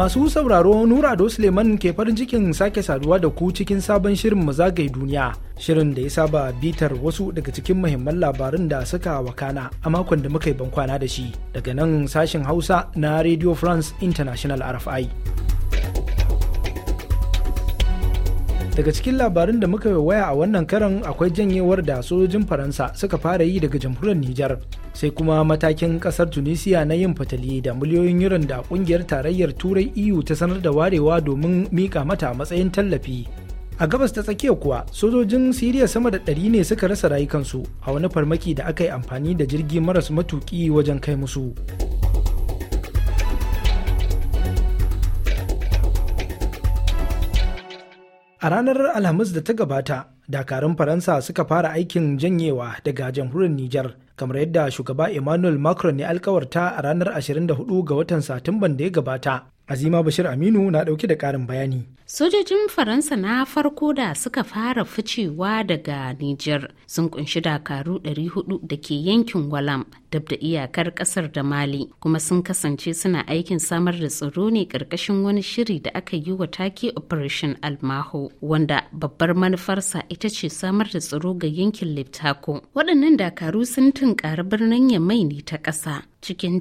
Masu sauraro Nura Ado Suleiman ke farin cikin sake saduwa da ku cikin sabon shirin mazagai duniya. Shirin da ya saba bitar wasu daga cikin muhimman labarin da suka wakana a makon da muka yi bankwana da shi daga nan sashen Hausa na Radio France International RFI. daga cikin labarin da muka waya a wannan karan akwai janyewar da sojojin faransa suka fara yi daga jamhuriyar nijar sai kuma matakin kasar tunisia na yin fatali da miliyoyin yuran da kungiyar tarayyar turai eu ta sanar da warewa domin mika mata a matsayin tallafi a gabas ta tsakiya kuwa sojojin siriya sama da ɗari ne suka rasa rayukansu a wani farmaki da aka yi amfani da jirgi maras matuki wajen kai musu. A ranar Alhamis da ta gabata, dakarun Faransa suka fara aikin janyewa daga jamhuriyar Nijar, kamar yadda shugaba Emmanuel Macron ya alkawarta a ranar 24 ga watan Satumban da ya gabata. Azima Bashir Aminu na ɗauke da ƙarin bayani. Sojojin Faransa na farko da suka fara ficewa daga Nijar sun kunshi dakaru 400 da ke yankin Walam dab da iyakar ƙasar da Mali kuma sun kasance suna aikin samar da tsaro ne ƙarƙashin wani shiri da aka yi wa take Operation Almaho wanda babbar manufarsa ita ce samar da tsaro ga yankin Liptako. Waɗannan dakaru sun tunkari birnin Yamai ne ta ƙasa cikin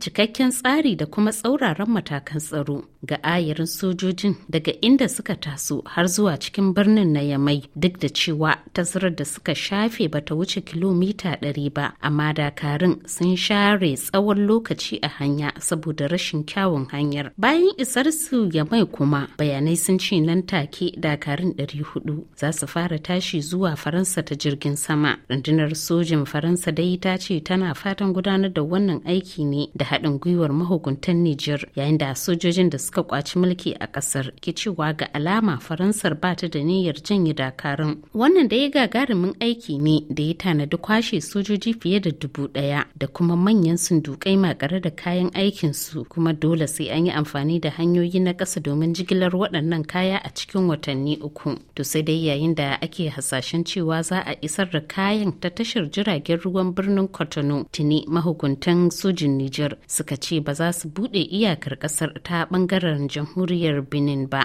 cikakken tsari da kuma tsauraran matakan tsaro. ga ayarin sojojin daga inda suka taso har zuwa cikin birnin na Yamai duk da cewa tazarar da suka shafe bata wuce kilomita 100 ba amma dakarun sun share tsawon lokaci a hanya saboda rashin kyawun hanyar bayan isar su Yamai kuma bayanai sun ce nan take dakarun 400 za su fara tashi zuwa Faransa ta jirgin sama rundunar sojin Faransa dai ta ce tana fatan gudanar da wannan aiki ne da haɗin gwiwar mahukuntan Nijar yayin da sojojin da suka suka kwaci mulki a kasar ke cewa ga alama faransar ba ta da niyyar janye dakarun wannan da ya gagarumin aiki ne da ya tanadi kwashe sojoji fiye da dubu daya da kuma manyan sundukai makare da kayan aikin su kuma dole sai an yi amfani da hanyoyi na ƙasa domin jigilar waɗannan kaya a cikin watanni uku to sai dai yayin da ake hasashen cewa za a isar da kayan ta tashar jiragen ruwan birnin kotono tuni mahukuntan sojin Niger suka ce ba za su buɗe iyakar ƙasar ta bangaren bangaren jamhuriyar benin ba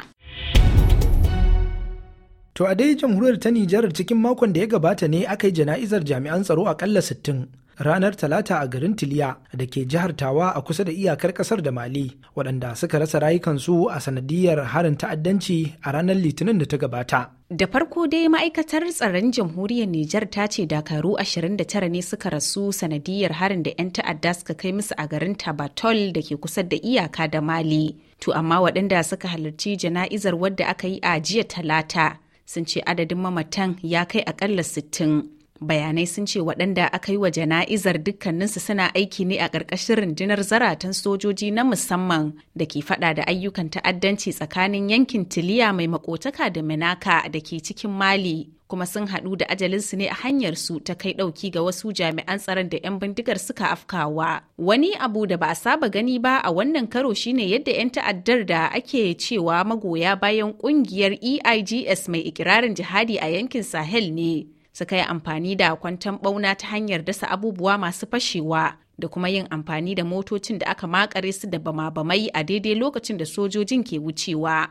to a dai jamhuriyar ta nijar cikin makon da ya gabata ne aka yi jana'izar jami'an tsaro akalla sittin. ranar talata a garin tiliya da ke jihar tawa a kusa da iyakar kasar da mali waɗanda suka rasa rayukansu a sanadiyar harin ta'addanci a ranar litinin da ta gabata Da farko dai ma'aikatar tsaron jamhuriyar Nijar ta ce dakaru 29 ne suka rasu sanadiyar harin da 'yan ta'adda suka kai musu a garin Tabatol da ke kusa da iyaka da Mali. To amma waɗanda suka halarci jana'izar wadda aka yi a jiya talata sun ce adadin mamatan ya kai akalla sittin. bayanai sun ce waɗanda aka yi wa jana'izar dukkaninsu suna aiki ne a ƙarƙashin rundunar zaratan sojoji na musamman da ke faɗa da ayyukan ta'addanci tsakanin yankin tiliya mai makotaka da Menaka da ke cikin mali kuma sun haɗu da ajalinsu ne a hanyar su ta kai ɗauki ga wasu jami'an tsaron da 'yan bindigar suka afkawa. Wani abu da ba a saba gani ba a wannan karo shine yadda 'yan ta'addar da ake cewa magoya bayan ƙungiyar EIGS mai ikirarin jihadi a yankin Sahel ne. suka yi amfani da kwantan bauna ta hanyar dasa abubuwa masu fashewa da kuma yin amfani da motocin da aka makare su da bama-bamai a daidai lokacin da sojojin ke wucewa.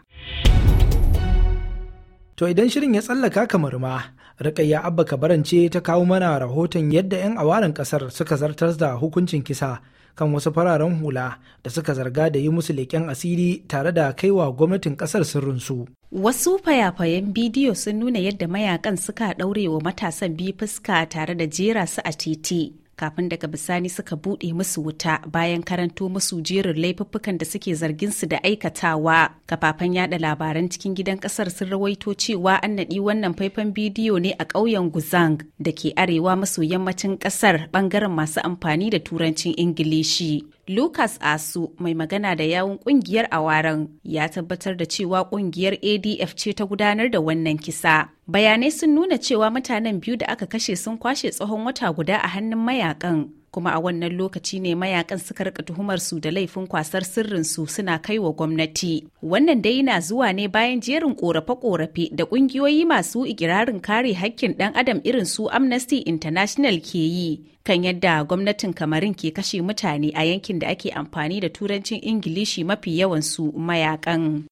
To idan shirin ya tsallaka kamar ma, Rakayya Abba Kabaran ce ta kawo mana rahoton yadda 'yan awaren ƙasar suka zartar da hukuncin kisa kan wasu fararen hula da suka zarga da yi musu leƙen asiri tare da kaiwa gwamnatin ƙasar sirrinsu. Wasu fayafayen bidiyo sun nuna yadda mayakan suka ɗaure wa matasan biyu fuska tare da jera su a titi. kafin daga bisani suka buɗe musu wuta bayan karanto musu jerin laifuffukan da suke zargin su da aikatawa. Kafafen yada labaran cikin gidan ƙasar sun rawaito cewa an naɗi wannan faifan bidiyo ne a ƙauyen Guzang da ke arewa maso yammacin ƙasar ɓangaren masu amfani da turancin Ingilishi. Lucas Asu mai magana da yawun kungiyar awaran ya tabbatar da cewa kungiyar ADF ce ta gudanar da wannan kisa. Bayanai sun nuna cewa mutanen biyu da aka kashe sun kwashe tsohon wata guda a hannun mayakan kuma a wannan lokaci ne mayakan suka rika tuhumar su da laifin kwasar sirrin su suna kai wa gwamnati wannan dai na zuwa ne bayan jerin korafe-korafe da kungiyoyi masu ikirarin kare hakkin dan adam irin su amnesty international ke yi kan yadda gwamnatin kamarin ke kashe mutane a yankin da ake amfani da turancin ingilishi mafi yawan su mayakan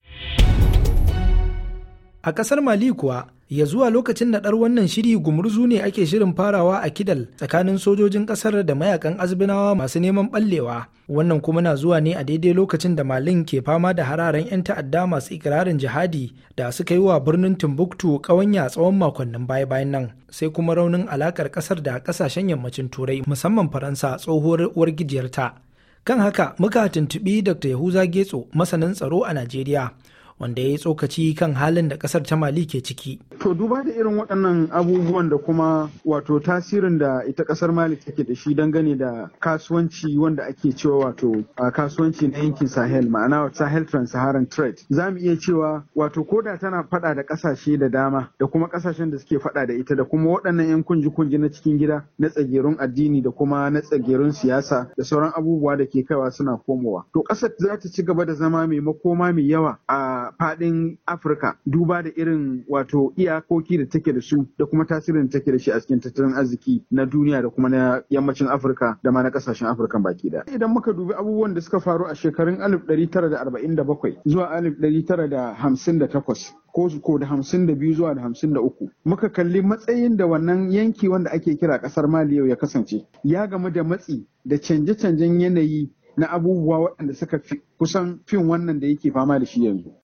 a kasar mali kuwa ya zuwa lokacin naɗar wannan shiri gumurzu ne ake shirin farawa a kidal tsakanin sojojin ƙasar da mayakan azbinawa masu neman ɓallewa wannan kuma na zuwa ne a daidai lokacin da malin ke fama da hararen 'yan ta'adda masu ikirarin jihadi da suka yi wa birnin timbuktu ƙawanya tsawon makonnin baya bayan nan sai kuma raunin alakar ƙasar da ƙasashen yammacin turai musamman faransa tsohuwar uwar gijiyarta kan haka muka tuntubi dr yahuza getso masanin tsaro a najeriya wanda ya yi tsokaci kan halin da kasar ta mali ke ciki to duba da irin waɗannan abubuwan da kuma wato tasirin da ita kasar mali take da shi dangane da kasuwanci wanda ake cewa wato kasuwanci na yankin sahel ma'ana sahel trans-saharan trade za mu iya cewa wato koda tana faɗa da ƙasashe da dama da kuma ƙasashen da suke faɗa da ita da kuma waɗannan 'yan kunji-kunji na cikin gida na tsagerun addini da kuma na tsagerun siyasa da sauran abubuwa da ke kaiwa suna komowa to ƙasar za ta ci gaba da zama mai makoma mai yawa a faɗin Afirka duba da irin wato iyakoki da take da su da kuma tasirin da take da shi a cikin tattalin arziki na duniya da kuma na yammacin Afirka da ma na kasashen Afirka baki da. Idan muka dubi abubuwan da suka faru a shekarun 1947 zuwa 1958 ko ko da hamsin zuwa da hamsin muka kalli matsayin da wannan yanki wanda ake kira ƙasar mali yau ya kasance ya gama da matsi da canje-canjen yanayi na abubuwa waɗanda suka fi kusan fin wannan da yake fama da shi yanzu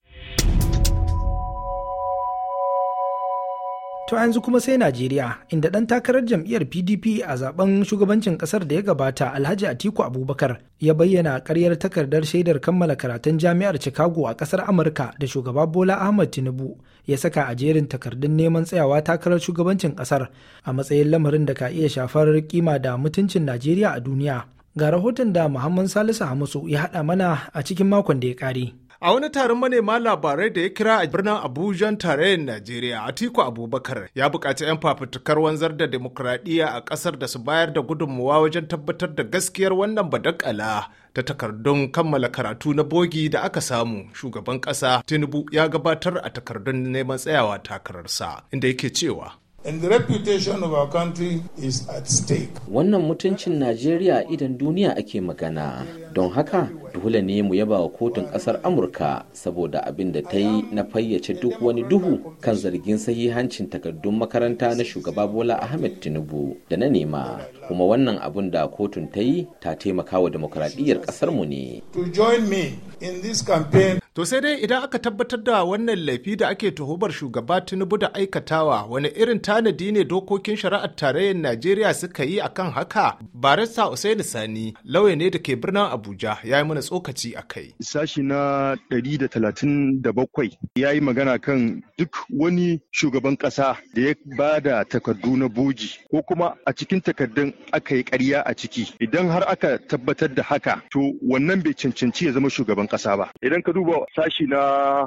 To yanzu kuma sai Najeriya inda ɗan takarar jam'iyyar PDP a zaben shugabancin ƙasar da ya gabata Alhaji Atiku Abubakar ya bayyana ƙaryar takardar shaidar kammala karatun jami'ar Chicago a ƙasar Amurka da shugaba Bola Ahmad Tinubu ya saka a jerin takardun neman tsayawa takarar shugabancin ƙasar a matsayin lamarin da ka iya shafar kima da mutuncin Najeriya a duniya. Ga rahoton da Muhammad Salisu Hamisu ya haɗa mana a cikin makon da ya ƙare. A wani taron manema labarai da ya kira a birnin Abuja tarayyar Najeriya, Atiku Abubakar ya buƙaci 'yan fafutukar wanzar da demokuraɗiyya a ƙasar da su bayar da gudunmuwa wajen tabbatar da gaskiyar wannan badakala ta takardun kammala karatu na bogi da aka samu shugaban ƙasa Tinubu ya gabatar a takardun neman tsayawa takararsa, inda yake cewa and the reputation of our country is at stake. Wannan mutuncin Najeriya idan duniya ake magana. Don haka, dole ne mu yaba wa kotun ƙasar Amurka saboda abin da ta yi na fayyace duk wani duhu kan zargin sahihancin takardun makaranta na shugaba Bola Ahmed Tinubu da na nema. Kuma wannan abin da kotun ta yi ta taimaka wa demokradiyyar ƙasarmu ne. To join me in this campaign To sai dai idan aka tabbatar da wannan laifi da ake tuhumar shugaba Tinubu da aikatawa wani irin tanadi ne dokokin shari'ar tarayyar Najeriya suka yi akan haka? Barista Usain Sani lauya ne da ke birnin Abuja ya yi mana tsokaci a kai. Sashi na da bakwai ya yi magana kan duk wani shugaban ƙasa da ya ba da takardu na boji ko kuma a cikin takardun aka yi ƙarya a ciki. Idan har aka tabbatar da haka to wannan bai cancanci ya zama shugaban ƙasa ba. Idan ka duba sashi na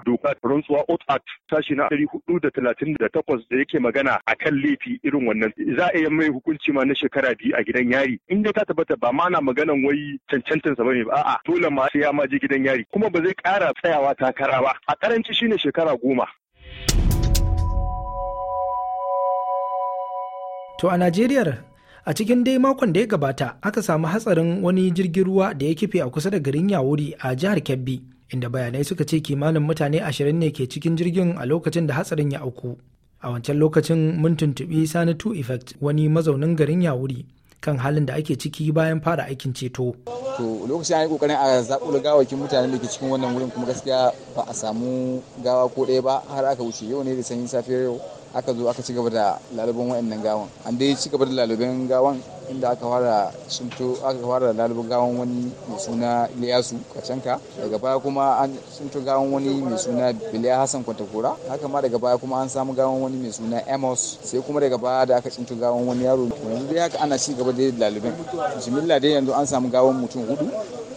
doka rantsuwa out act sashi na ɗari hudu da talatin da takwas da yake magana a kan laifi irin wannan za a iya mai hukunci ma na shekara biyu a gidan yari in dai ta tabbata ba ma na maganan wai cancantansa ba ne ba dole ma sai ya ma je gidan yari kuma ba zai ƙara tsayawa takara ba a karanci shine shekara goma To a Najeriya a cikin dai makon da ya gabata aka samu hatsarin wani jirgin ruwa da ya kife a kusa da garin Yawuri a jihar Kebbi inda bayanai suka ce kimanin mutane ashirin ne ke cikin jirgin a lokacin da hatsarin ya auku a wancan lokacin mun tuntuɓi sani two effect wani mazaunin garin yawuri kan halin da ake ciki bayan fara aikin ceto. To lokacin an yi kokarin a zaɓo gawakin mutanen da ke cikin wannan wurin kuma gaskiya ba a samu gawa ko ɗaya ba har aka wuce yau ne da sanyin safiyar yau aka zo aka ci gaba da lalaban wa'annan gawan an dai ci gaba da lalaban gawan inda aka fara shinto aka fara lalubu gawan wani mai suna Iliyasu Kacanka daga baya kuma an shinto gawan wani mai suna Biliya Hassan Kwantakora haka ma daga baya kuma an samu gawan wani mai suna Amos sai kuma daga baya da aka shinto gawan wani yaro yanzu dai haka ana ci gaba da lalubin jimilla dai yanzu an samu gawan mutum hudu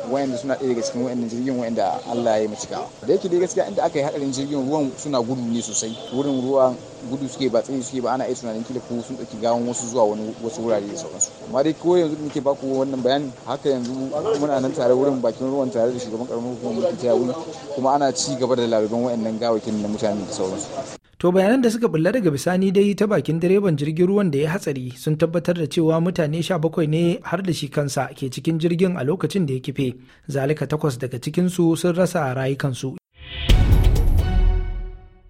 wayanda suna ɗaya daga cikin wayannan jirgin da Allah ya yi cika. da yake dai gaskiya inda aka yi hadarin jirgin ruwan suna gudu ne sosai wurin ruwan gudu suke ba tsaye suke ba ana iya tunanin kila ko sun ɗauki gawan wasu zuwa wani wasu wurare da sauransu amma dai ko yanzu nake baku wannan bayani haka yanzu muna nan tare wurin bakin ruwan tare da shugaban karamar hukumar mulkin ta kuma ana ci gaba da laluban wayannan gawakin na mutane da sauransu To bayanan da suka bulla daga bisani dai ta bakin direban jirgin ruwan da ya hatsari sun tabbatar da cewa mutane 17 ne har da shi kansa ke cikin jirgin a lokacin da ya kife. Zalika takwas daga cikinsu sun rasa rayukansu.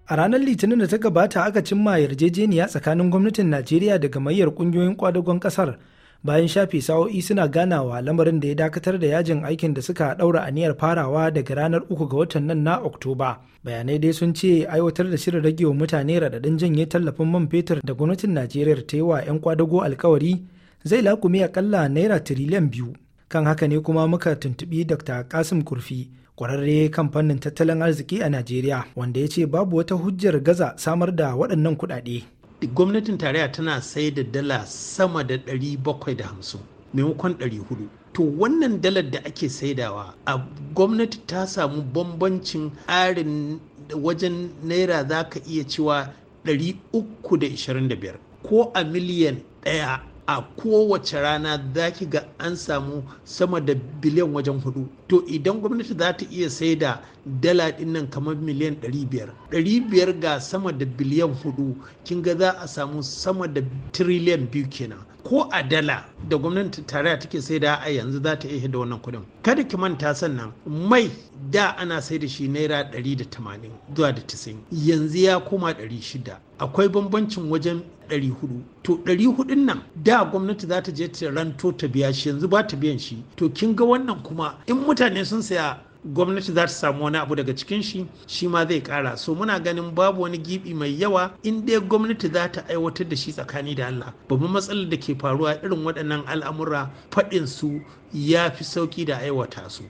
A ranar Litinin da ta gabata aka cimma yarjejeniya tsakanin gwamnatin Najeriya da gamayyar kungiyoyin kwadagon kasar bayan shafe sa'o'i suna ganawa lamarin da ya dakatar da yajin aikin da suka daura aniyar farawa daga ranar uku ga watan nan na oktoba bayanai dai sun ce aiwatar da shirin rage wa mutane radadin janye tallafin man fetur da gwamnatin najeriya ta yi wa 'yan kwadago alkawari zai lakumi akalla naira tiriliyan biyu kan haka ne kuma muka tuntubi dr kasim kurfi kwararre kan fannin tattalin arziki a najeriya wanda ya ce babu wata hujjar gaza samar da waɗannan kuɗaɗe gwamnatin tarayya tana sai da dala sama da 750 maimakon 400 to wannan dalar da ake saidawa a gwamnati ta samu bambancin arin wajen naira za ka iya cewa 325 ko a miliyan 1. a kowace rana za ki ga an samu sama da biliyan wajen hudu to idan gwamnati za ta iya sai da dala dinnan kamar miliyan 500 500 ga sama da biliyan hudu kin ga za a samu sama da triliyan biyu kenan ko a dala da gwamnati tarayya take sai da a yanzu za ta iya da wannan kudin kada ki manta sannan mai da ana sai da shi naira 180 zuwa da 90 yanzu ya koma 600 akwai bambancin wajen hudu to ɗari hudun nan da gwamnati za ta je ta ranto ta biya shi yanzu ba ta biyan shi to kin ga wannan kuma in mutane sun saya gwamnati za ta samu wani abu daga cikin shi shi ma zai kara so muna ganin babu wani gibi mai yawa in dai gwamnati za ta aiwatar da shi tsakani da Allah babban matsalar da ke faruwa irin waɗannan al'amura faɗin su ya fi sauki da aiwata su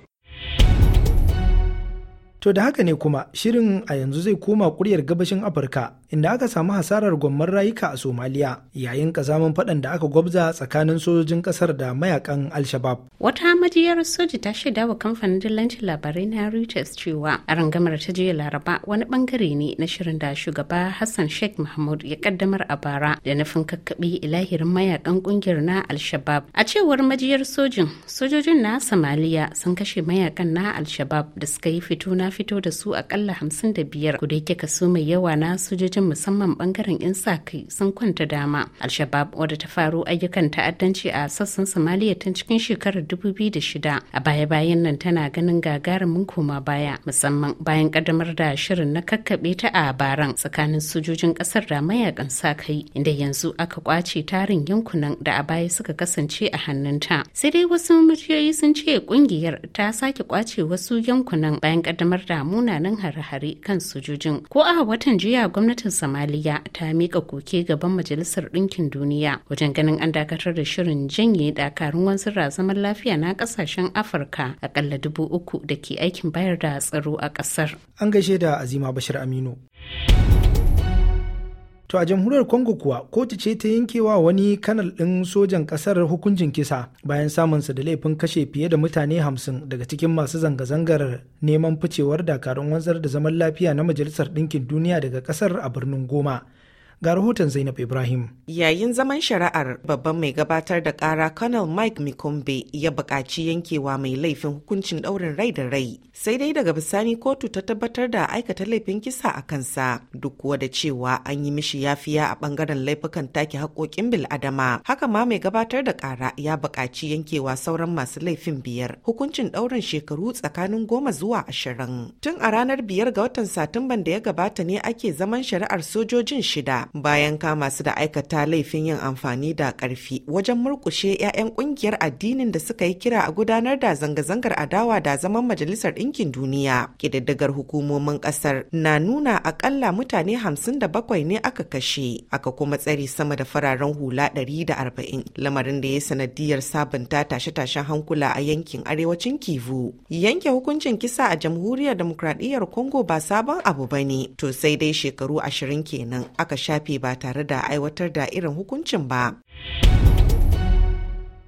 to da haka ne kuma shirin a yanzu zai koma kuryar gabashin Afirka inda aka samu hasarar gwamman rayuka a somaliya yayin kazamin faɗan da aka gwabza tsakanin sojojin ƙasar da mayakan al-shabab wata majiyar soji ta shaida wa kamfanin dillancin labarai na reuters cewa a rangamar ta jiya laraba wani bangare ne na shirin da shugaba hassan sheikh mahmud ya kaddamar a bara da nufin kakkaɓe ilahirin mayakan ƙungiyar na al-shabab a cewar majiyar sojin sojojin na somaliya sun kashe mayakan na al-shabab da suka yi fito na fito da su akalla hamsin da biyar kuda kika su mai yawa na sojojin sojojin musamman bangaren 'yan sa kai sun kwanta dama. Al-Shabaab wadda ta faru ayyukan ta'addanci a sassan Somalia tun cikin shekarar shida a baya-bayan nan tana ganin gagarumin koma baya musamman bayan kaddamar da shirin na kakkaɓe ta a baran tsakanin sojojin ƙasar da mayakan sa kai inda yanzu aka kwace tarin yankunan da a baya suka kasance a hannunta. Sai dai wasu majiyoyi sun ce kungiyar ta sake kwace wasu yankunan bayan kaddamar da munanan hare-hare kan sojojin. Ko a watan jiya gwamnatin gwamnatin Somalia ta mika koke gaban Majalisar Ɗinkin Duniya wajen ganin an dakatar da shirin janye dakarun wanzu zaman lafiya na kasashen Afirka akalla dubu uku da ke aikin bayar da tsaro a ƙasar. An gaishe da Azima Bashir Aminu. To a jamhuriyar Congo kuwa kotu ce ta yankewa wani kanal ɗin sojan ƙasar hukuncin kisa bayan samunsa da laifin kashe fiye da mutane hamsin daga cikin masu zanga-zangar neman ficewar dakarun wanzar da zaman lafiya na Majalisar Ɗinkin Duniya daga ƙasar a birnin Goma. ga rahoton Zainab Ibrahim. Yayin zaman shari'ar babban mai gabatar da kara Colonel Mike Mikombe ya bukaci yankewa mai laifin hukuncin daurin rai da rai. Sai dai daga bisani kotu ta tabbatar da aikata laifin kisa a kansa duk kuwa da cewa an yi mishi yafiya a ɓangaren laifukan take haƙoƙin bil'adama. Haka ma mai gabatar da kara ya bukaci yankewa sauran masu laifin biyar hukuncin ɗaurin shekaru tsakanin goma zuwa ashirin. Tun a ranar biyar ga watan Satumban da ya gabata ne ake zaman shari'ar sojojin shida bayan kama su da aikata laifin yin amfani da ƙarfi wajen murkushe 'ya'yan ƙungiyar addinin da suka yi kira a gudanar da zanga-zangar adawa da zaman Majalisar Ɗinkin Duniya. Ƙididdigar hukumomin ƙasar na nuna akalla mutane 57 ne aka kashe, aka kuma tsare sama da fararen hula 140 lamarin da ya sanadiyar sabunta tashe-tashen hankula a yankin arewacin Kivu. Yanke hukuncin kisa a jamhuriyar demokradiyyar Congo ba sabon abu ba ne, to sai dai shekaru 20 kenan aka shafe lissafi ba tare da aiwatar da irin hukuncin ba.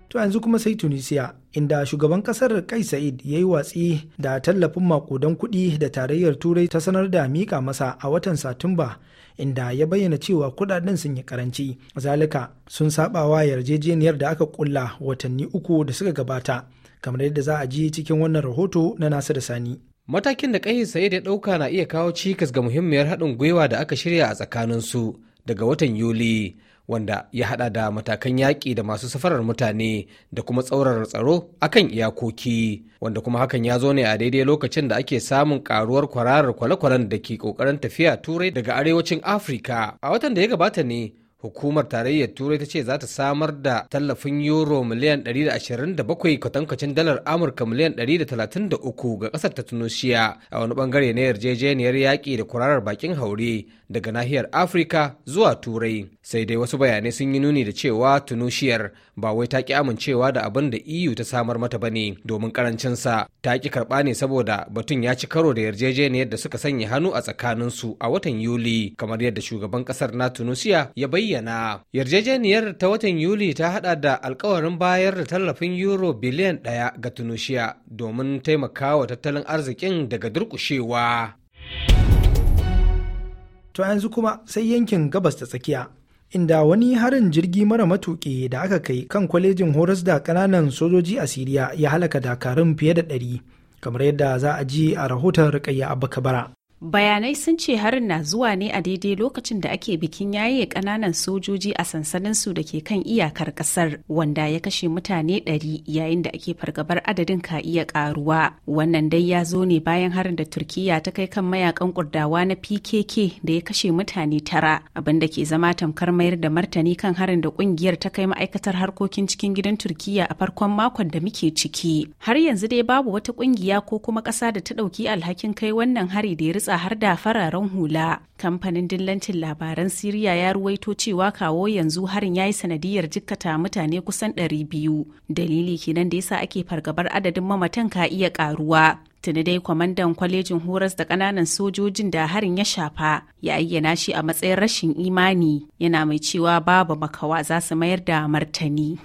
To yanzu kuma sai Tunisia, inda shugaban kasar Kai Sa'id ya yi watsi da tallafin makudan kuɗi da tarayyar Turai ta sanar da mika masa a watan Satumba, inda ya bayyana cewa kuɗaɗen sun yi karanci. Zalika sun sabawa yarjejeniyar da aka kulla watanni uku da suka gabata, kamar yadda za a ji cikin wannan rahoto na Nasiru Sani. Matakin da kayi Sa'id ya ɗauka na iya kawo cikas ga muhimmiyar haɗin gwiwa da aka shirya a tsakanin su daga watan Yuli, wanda ya haɗa da matakan yaƙi da masu safarar mutane da kuma tsaurar tsaro akan iyakoki, wanda kuma hakan ya zo ne a daidai lokacin da ake samun ƙaruwar kwararar kwale-kwalen da ke ƙoƙarin tafiya turai daga arewacin Afirka. A watan da ya gabata ne, hukumar tarayyar turai ta ce za ta samar da tallafin euro miliyan 127 kwatankwacin dalar amurka miliyan 133 ga kasar ta tunisia a wani bangare na yarjejeniyar yaƙi da kurarar bakin haure daga nahiyar afirka zuwa turai sai dai wasu bayanai sun yi nuni da cewa tunisiyar ba wai ta ki amincewa da abin da eu ta samar mata ba ne domin karancinsa ta ƙi karɓa ne saboda batun ya ci karo da yarjejeniyar da suka sanya hannu a tsakaninsu a watan yuli kamar yadda shugaban ƙasar na tunisiya ya bayyana bayyana. Yarjejeniyar ta watan Yuli ta hada da alkawarin bayar da tallafin euro biliyan ɗaya ga Tunisia domin taimakawa tattalin arzikin daga durkushewa. To yanzu kuma sai yankin gabas ta tsakiya. Inda wani harin jirgi mara matuƙi da aka kai kan kwalejin horas da ƙananan sojoji a Siriya ya halaka dakarun fiye da ɗari, kamar yadda za a ji a rahoton riƙayya a Bakabara. bayanai sun ce harin na zuwa ne a daidai lokacin da ake bikin yaye kananan sojoji a sansanin su da ke kan iyakar kasar wanda ya kashe mutane 100 yayin da ake fargabar adadin ka iya karuwa wannan dai ya zo ne bayan harin da turkiya ta kai kan mayakan kurdawa na pkk da ya kashe mutane tara abin da ke zama tamkar mayar da martani kan harin da kungiyar ta kai ma'aikatar harkokin cikin gidan turkiya a farkon makon da muke ciki har yanzu dai babu wata kungiya ko kuma ƙasa da ta ɗauki alhakin kai wannan hari da ya ritsa kutsa har da fararen hula. Kamfanin dillancin labaran Siriya ya ruwaito cewa kawo yanzu harin ya yi sanadiyar jikkata mutane kusan 200. Dalili kenan da yasa ake fargabar adadin mamatan ka iya karuwa. tuni dai kwamandan kwalejin horas da kananan sojojin da harin ya shafa ya ayyana shi a matsayin rashin imani yana mai cewa babu makawa za su mayar da martani.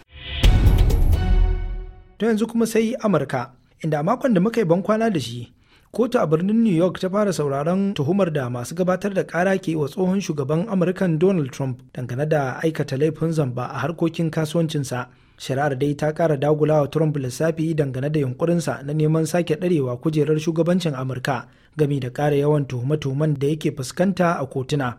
To yanzu kuma sai Amurka, inda makon da muka yi bankwana da shi, kotu a birnin new york ta fara sauraron tuhumar da masu gabatar da kara ke wa tsohon shugaban amurkan donald trump dangane da aikata laifin zamba a harkokin kasuwancinsa shari'ar dai ta kara dagulawa trump lissafi dangane da yunkurinsa na neman sake ɗarewa kujerar shugabancin amurka gami da ƙara yawan tuhume-tuhumen da yake fuskanta a kotuna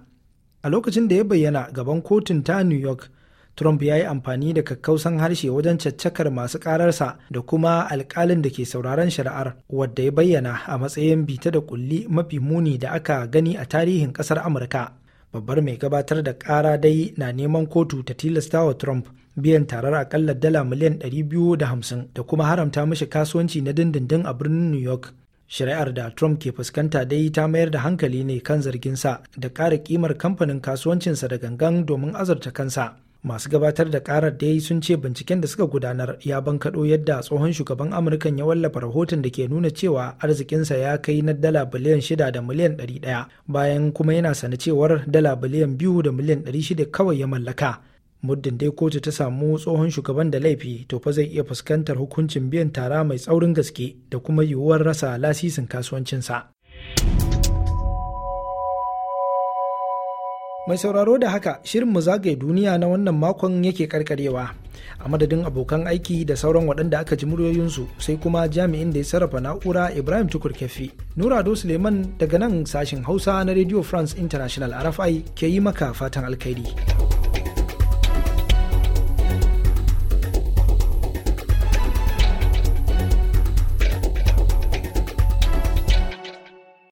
a lokacin da ya bayyana gaban kotun ta new york Trump ya yi amfani da kakkausan harshe wajen caccakar masu kararsa da kuma alkalin da ke sauraron shari'ar wadda ya bayyana a matsayin bita da kulli mafi muni da aka gani a tarihin kasar Amurka. Babbar mai gabatar da kara dai na neman kotu ta tilasta wa Trump biyan tarar akalla dala miliyan 250 da kuma haramta mashi kasuwanci na dindindin a birnin New York. shari'ar da Trump ke fuskanta dai ta mayar da hankali ne kan zargin sa da ƙara kimar kamfanin kasuwancinsa da gangan domin azurta kansa. masu gabatar da karar da yi sun ce binciken da suka gudanar ya bankaɗo yadda tsohon shugaban amurkan ya wallafa rahoton da ke nuna cewa arzikinsa ya kai na dala biliyan shida da miliyan ɗari ɗaya bayan kuma yana sana cewar dala biliyan biyu da miliyan ɗari shida kawai ya mallaka muddin dai kotu ta samu tsohon shugaban da laifi to fa zai iya fuskantar hukuncin biyan tara mai tsaurin gaske da kuma yiwuwar rasa lasisin kasuwancinsa. mai sauraro da haka shirin mu zagaye duniya na wannan makon yake karkarewa a madadin abokan aiki da sauran waɗanda aka ji muryoyinsu sai kuma jami'in da ya sarrafa na'ura ibrahim tukur kefi nurado suleiman daga nan sashin hausa na radio france international rfi ke yi maka fatan alkhairi.